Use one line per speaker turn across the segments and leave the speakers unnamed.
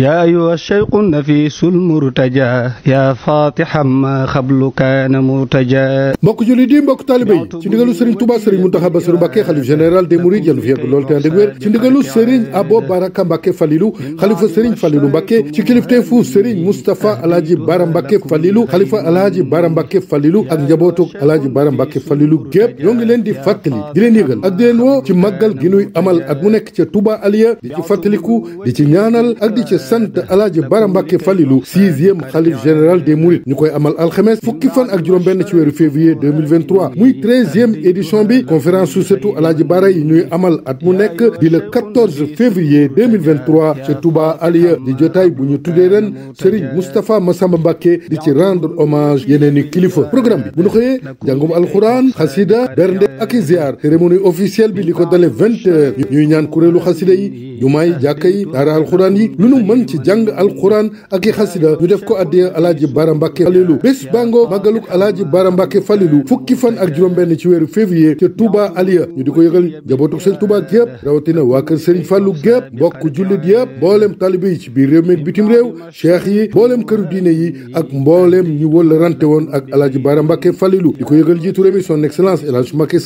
yaa ayuha cheyqu nafisul murtaja yaa fatiha ma xablu kaana murtaja mbokk julli di mbokk taalibe yi ci ndigalu sëriñ Touba sëriñ Muntaxa Basiru Mbàkke
xalif général des mourides yàlla fi yàgg lool te ànd ak wér ci ndigalu sëriñ Abo Baraka Mbàkke Falilu xalifa sëriñ Falilu Mbàkke ci kilifteefu sëriñ Moustapha Alaaji Bara Mbàkke Falilu xalifa Alaaji Bara Mbàkke Falilu ak njabootu Alaaji Bara Mbàkke Falilu gépp ñoo ngi leen di fàttali di leen yëgal ak di leen woo ci màggal gi nuy amal at mu nekk ca Touba di ci fàttaliku di ci ñaanal ak di ci sant alaaji Barambake Fallilo, 6 sixième Khalif général des mourides ñukoy koy amal alxames fukki fan ak juroom benn ci weeru février 2023 muy treizième édition bi conférence su sëtu alaaji bara yi ñuy amal at mu nekk di le 14 février 2023 ci Touba Aliya di jotay bu ñu tuddee ren Serigne Mustafa Massamba Mbàkke di ci rendre hommage yeneeni kilifa programme bi bu ñu xëyee jàngum alxuraan xasida bernde ak ziar cérémonie officielle bi li ko dale vingt heures ñuy ñaan kurelu xasida yi jumaa yi jàkk yi daara alxuraan yi lu nu mën ci jàng alxuraan ak i xasida ñu def ko addiya alaaji bara mbàkke falilu bés bàngoo màggaluk alaaji bara mbàkke falilu fukki fan ak juróom-benn ci weeru février ca Touba Aliya ñu di ko yëgal njabootuk sëñ Touba gépp rawatina waa kër sëriñ fàllu gépp mbokk jullit yëpp mbooleem talibe yi ci biir réew meeg bitim réew cheikh yi mbooleem këru diine yi ak mbooleem ñu wëla rante woon ak alaaji bara mbàkke falilu di ko jiitu réew mi son excellence El Hadj Macky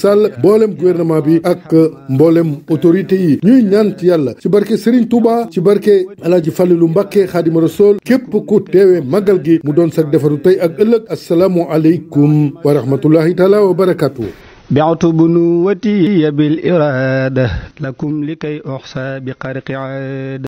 gouvernement bi ak mbooleem autorité yi ñuy ñaan ci yàlla ci barke Serigne Touba ci barke Alaaji Fàllilu Mbàkke Xaadimu Rasuul képp ku teewe magal gi mu doon sax defaru tey ak ëllëg assalaamu aleykum wa rahmatullahi taala wa barakatuh
بعت بنوتي بالإرادة لكم لكي أحصى بقرق عادة